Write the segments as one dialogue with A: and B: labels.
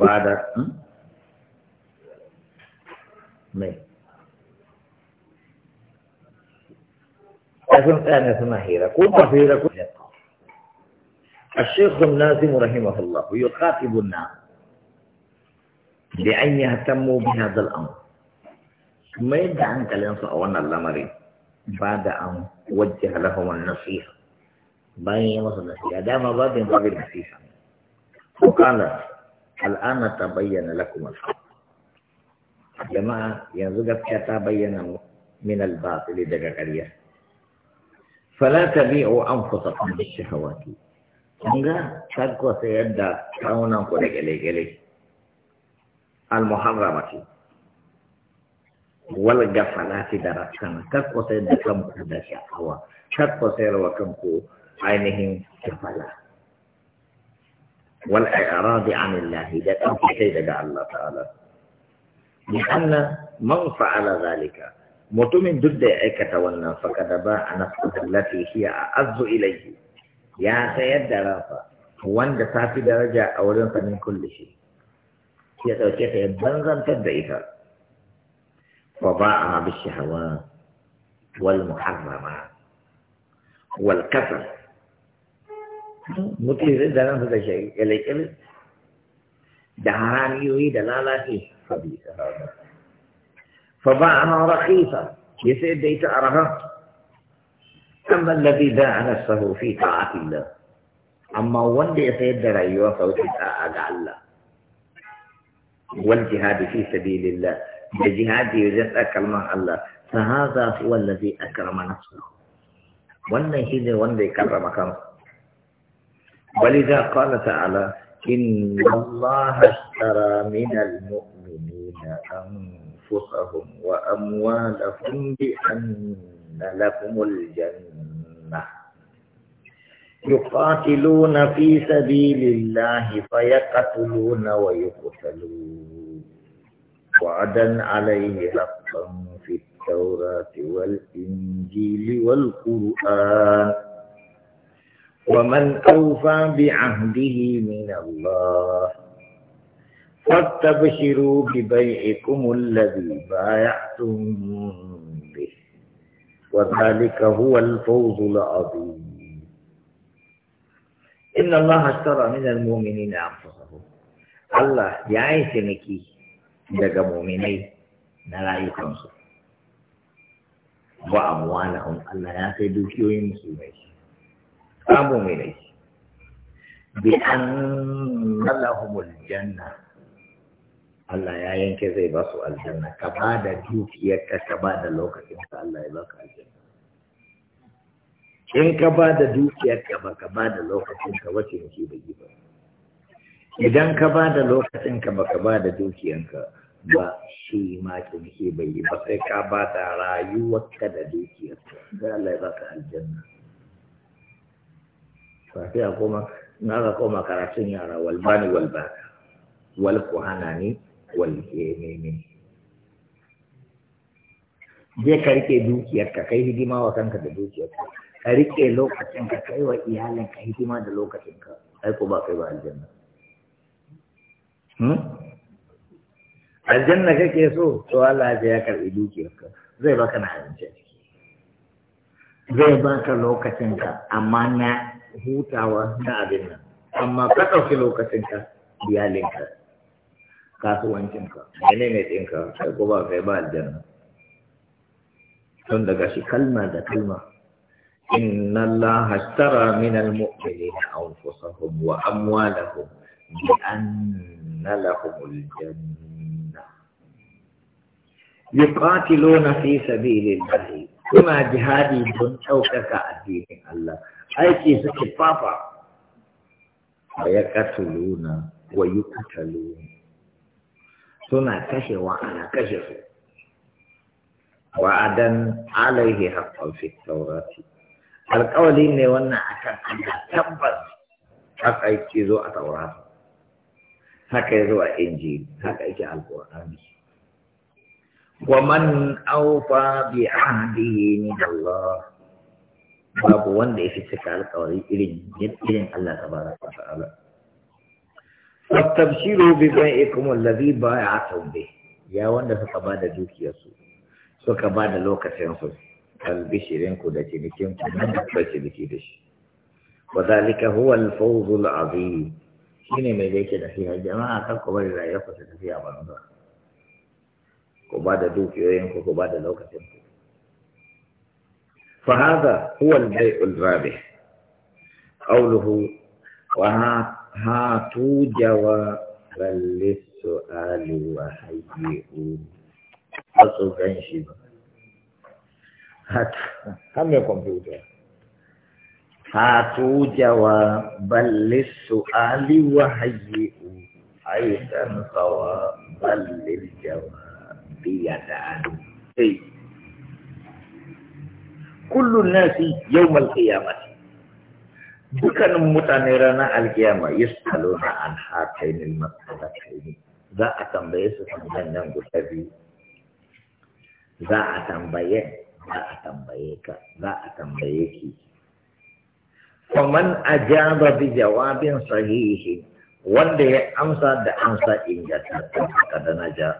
A: بعد مي أفهم كان ثم هيرة كنت هيرة كنت الشيخ الناظم رحمه الله يخاطب الناس بأن يهتموا بهذا الأمر ما يدعى عن كلام صعوان اللامري بعد أن وجه لهم النصيحة بين يمص النصيحة دام بعد باب النصيحة وقال al'ana ta bayyana lakum al jama'a yanzu gaskiya ta bayyana min al-batil daga ƙarya fala tabi'u anfusakum bi-shahawati kunga kar ku sayar yadda kaunan ku da gele-gele al-muharramati wal gafalati da rakkan kar ku sayar da kanku da sha'awa kar ku sayar kanku ainihin shafala. والإعراض عن الله ده تنفي دعا الله تعالى لأن من فعل ذلك متمن ضد عكة والنا فقد باع نفسه التي هي أعز إليه يا سيد دراسة وان تافي درجة أولا من كل شيء يا ɗauke ta ya banzantar da ita wa ba mutum zai da ransa da shi kyalekyale da haramiyoyi da lalace sabisa fa ba ana raƙisa ya sayar da ita a rahar أما الذي باع نفسه في طاعة الله أما وندي يتيدر أيها فوتي أدع الله والجهاد في سبيل الله الجهاد يجد أكرم الله فهذا هو الذي أكرم نفسه وندي هنا وندي كرم كنفسه ولذا قال تعالى إن الله اشترى من المؤمنين أنفسهم وأموالهم بأن لكم الجنة يقاتلون في سبيل الله فيقتلون ويقتلون وعدا عليه حقا في التوراة والإنجيل والقرآن ومن أوفى بعهده من الله فاستبشروا ببيعكم الذي بايعتم به وذلك هو الفوز العظيم إن الله اشترى من المؤمنين أنفسهم الله يعيش نكي مؤمني مؤمنين خمسة وأموالهم الله يعطي دوكيوين مسلمين samu mai laifi bi an lahumul janna Allah ya yanke zai ba su aljanna ka ba da dukiyarka ka ba da lokacin ka Allah ya ba ka aljanna in ka ba da dukiyarka ba ka ba da lokacin ka wace yake da giba idan ka ba da lokacin ka ba ka ba da dukiyarka ba shi ma ke bai yi ba sai ka ba da rayuwarka da dukiyarka sai Allah ya ka aljanna fasiya kuma na ga koma karatun yara walbani walbaka wal ni wal kemene je ka rike dukiyarka kai hidima wa kanka da dukiyarka ka rike lokacinka kai wa ka hidima da lokacinka ai ko ba kai ba aljanna hmm? aljanna kake so to Allah ya karbi dukiyarka zai baka na aljanna zai baka lokacinka amma na hutawa na abin nan amma ka ɗauki lokacinka iyalinka kasuwancinka mene ne ɗinka sai ko ba kai ba aljanna tun daga shi kalma da kalma إن الله اشترى من المؤمنين أنفسهم وأموالهم بأن لهم الجنة يقاتلون في سبيل الله كما جهادي دون شوكك الدين الله aiki suke fafa da ya luna wa yi luna? suna kashewa ana kashe su wa'adan alaihi haqqan fi tawrati alƙawali ne wannan akan Allah tabbas haka yake zo a taurat haka yi zuwa inji, injil haka yake alqur'ani wa man awfa bi ahdihi Allah babu wanda ya fi cika alkawari irin yadda Allah tabaraka wa ta'ala fastabshiru bi bai'ikum alladhi bai'atum ba ya wanda suka ba da dukiyarsu suka ba da lokacinsu albishirinku da cinikinku nan da ciniki da shi wa zalika huwa al-fawzul shine mai da yake da fiya jama'a kan ku bari rayuwar ku ta tafiya banza ku ba da dukiyoyinku ku ba da lokacinku فهذا هو البيع الرابح قوله وهاتوا جوابا للسؤال وهيئوا أصبعين هات هم الكمبيوتر هاتوا جوابا للسؤال وهيئوا أيضا صوابا للجواب بيدان اي kullun nasi yawmal qiyamah dukkanin mutane ranar alkiyama yasaluna an al masalataini za a tambaye su tambayan nan guda biyu za a tambaye za a tambaye ka za a tambaye ki man ajaba bi jawabin sahihi wanda ya amsa da amsa ingantattun kada na ja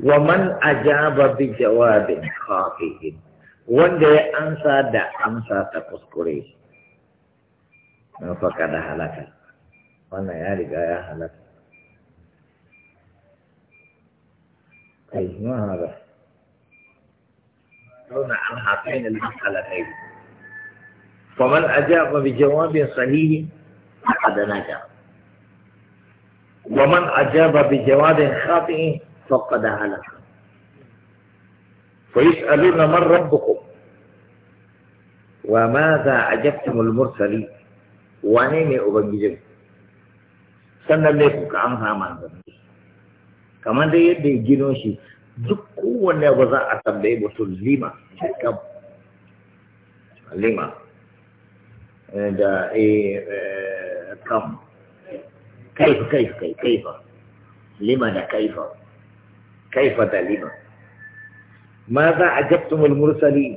A: wa man ajaba bi jawabin khafi'in wanda ya ansa da amsa ta kuskure na faka da halaka wannan ya riga ya halaka kai ma haka kauna an hatain al-masalatai faman ajaba bi jawabin sahihi faqad naja wa man ajaba bi jawabin khati'in faqad halaka ويسألون من ربكم وماذا عجبتم المرسلين وانين أبنجم سنة ليكم كعنها من ذنبي كما دي يدي جنوشي ذكو واني وزاعة تبليب سلزيمة كم لما دا إيه،, إيه كم كيف كيف كيف كيف لما دا كيف كيف دا لما ماذا عجبتم المرسلين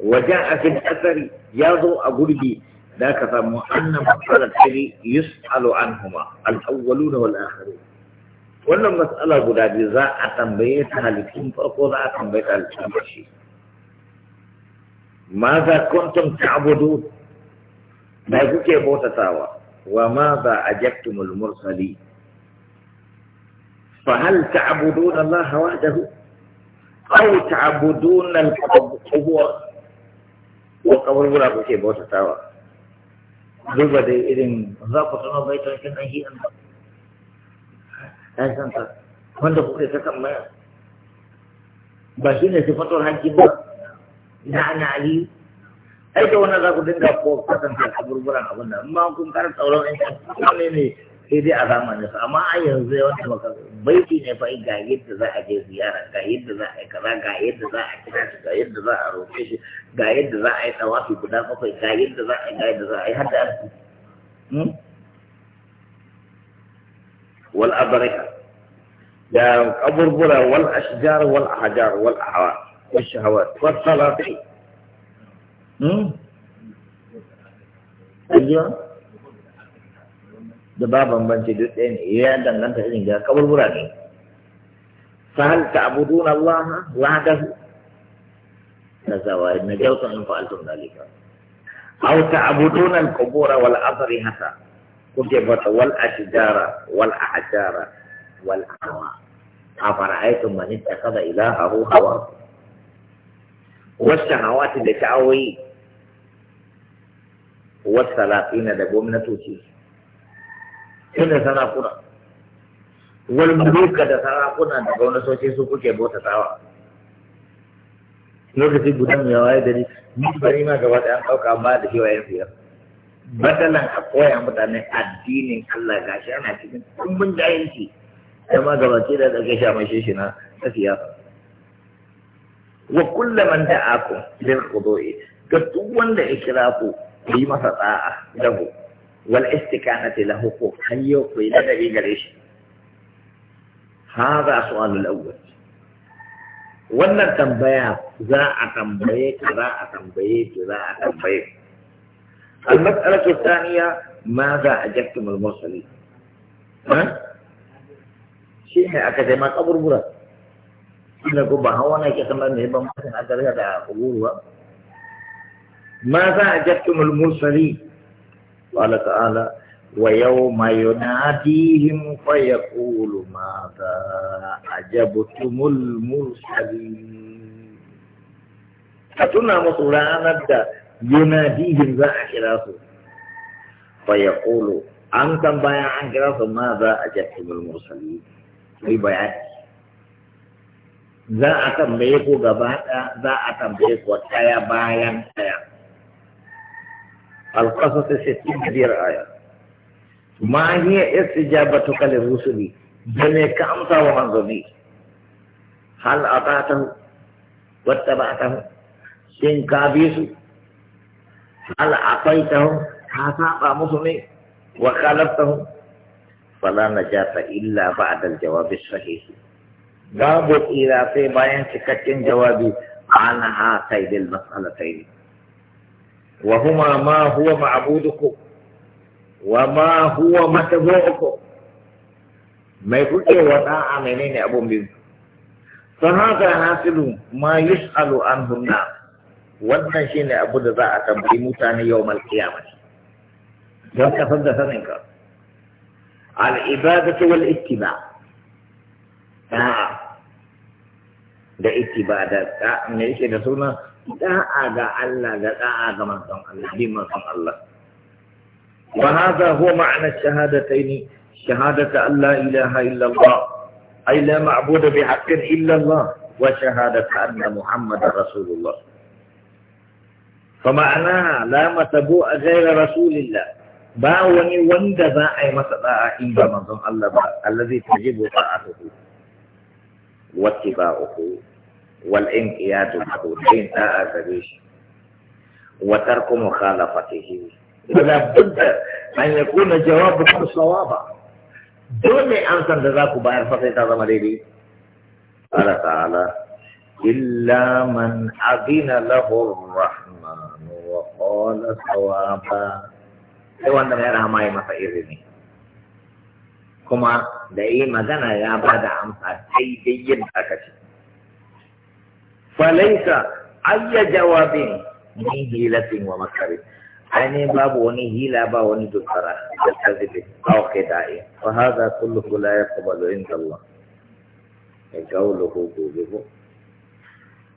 A: وجاء في الاثر يا ذو ابردي ذاك فمؤن مسألة الشري يسأل عنهما الأولون والآخرون وأن مسألة قد أجزاء بيتها لكم فأقوضاء بيتها لكم بشي ماذا كنتم تعبدون ما يقول كيف تتاوى وماذا عجبتم المرسلين فهل تعبدون الله وحده أو تعبدون القبور وقبر بلا بشي بوتا تاوى دوبا دي إذن ذاكو تنو بيتا كنا هي أنت أنت أنت wanda kuka ta tambaya ba shi ne sifatar hajji ba na ana ali ai da wannan za ku dinga ko kasance a burburan abin da amma kun kara tsauran ɗan ne ne sai dai a zamanin sa amma a yanzu ya wata maka baiti ne fa ga yadda za a je ziyara ga yadda za a yi kaza ga yadda za a kira shi ga yadda za a roƙe shi ga yadda za a yi tsawafi guda bakwai ga yadda za a yi ga yadda za a yi har da hmm? wal abarika da kaburbura wal ashjar wal ahjar wal ahwa wal shahawat wal salati hmm da ba bambanci duk ɗaya ne ya danganta irin ga kaburbura ne fahal ta'budun Allah wahdahu nazawa na na jawta in fa'altum dalika aw ta'budun al-qubura wal adrihata kuke bata wal ashjara wal ahjara wal ahwa afara'aytum man ittakhadha ilahahu hawa والشهوات التي تعوي والسلاطين ده قومنا توتي su sarakuna wal muluka da sarakuna da gwamnatoci su kuke bota tawa lokaci guda mai waye da ni bari ma gaba da an ɗauka ba da shi 'yan siyar batalan a koya mutane addinin Allah shi ana cikin kumbin jahilci yanki. ma gaba ke da ɗauke shi a shi na tafiya. wa kulla man da'akum lil qudu'i ga duk wanda ya kira ku yi masa da'a da ku والاستكانة له فوق حيو في لدى قريش هذا سؤال الأول وانا tambaya za a tambaye ka za a المسألة الثانية ماذا أجبتم المرسلين؟ ها؟ شيء أكثر ما قبر برا إلا قبا هوانا كما نهبا مثلا أكثر هذا قبور ماذا أجبتم المرسلين؟ قال تعالى ويوم يناديهم فيقول ماذا أجبتم المرسلين فتنا مطرانا يناديهم ذا أحراسه فيقول أنت بيان عن ماذا أجبتم المرسلين في بيان ذا أتم بيكو غباتا ذا أتم بيكو تايا بايان تايا القصص ستين كبير آية ما هي استجابتك للرسل جميع أمسى ومنظمي هل أطعته واتبعته سن كابيس هل أعطيته حساب مسلم وخالفته فلا نجاة إلا بعد الجواب الصحيح جابوا إلى في بيان سكتين جوابي عنها كيد المسألتين وهما ما هو معبودكم وما هو متبوعكم ما يقول وطاعة منين أبو بيو فهذا حاصل ما يسأل عنه الناس wannan shi ne abu da za a tambayi mutane yau malkiyama don kasar da saninka al'ibadatu wal ittiba da ittiba da ne yake da suna da'a ga Allah da da'a ga manzon Allah bi manzon Allah wa hadha huwa ma'na shahadataini shahadata an la ilaha illa Allah ay la ma'budu bi haqqin illa Allah wa shahadata anna Muhammadar Rasulullah فمعناها لا متبوء غير رسول الله باوني وند ذا اي مسدا ان بمنظم الله الذي تجب طاعته واتباعه والانقياد له حين جاء سبيل وترك مخالفته ولا بد أن يكون جوابكم صوابا دون أن تنتظرك بأن فصيت مريدي قال تعالى إلا من أذن له الرحمن وقال صوابا سوى أن يرى ما يمسئرني كما دائما انا يا بعد عمسا أي دين falaisa ayya jawabin min hilatin wa makari ainihin babu wani hila ba wani dubara da kazibi aw qida'i fa hadha kulluhu la yaqbalu inda Allah gobe bihi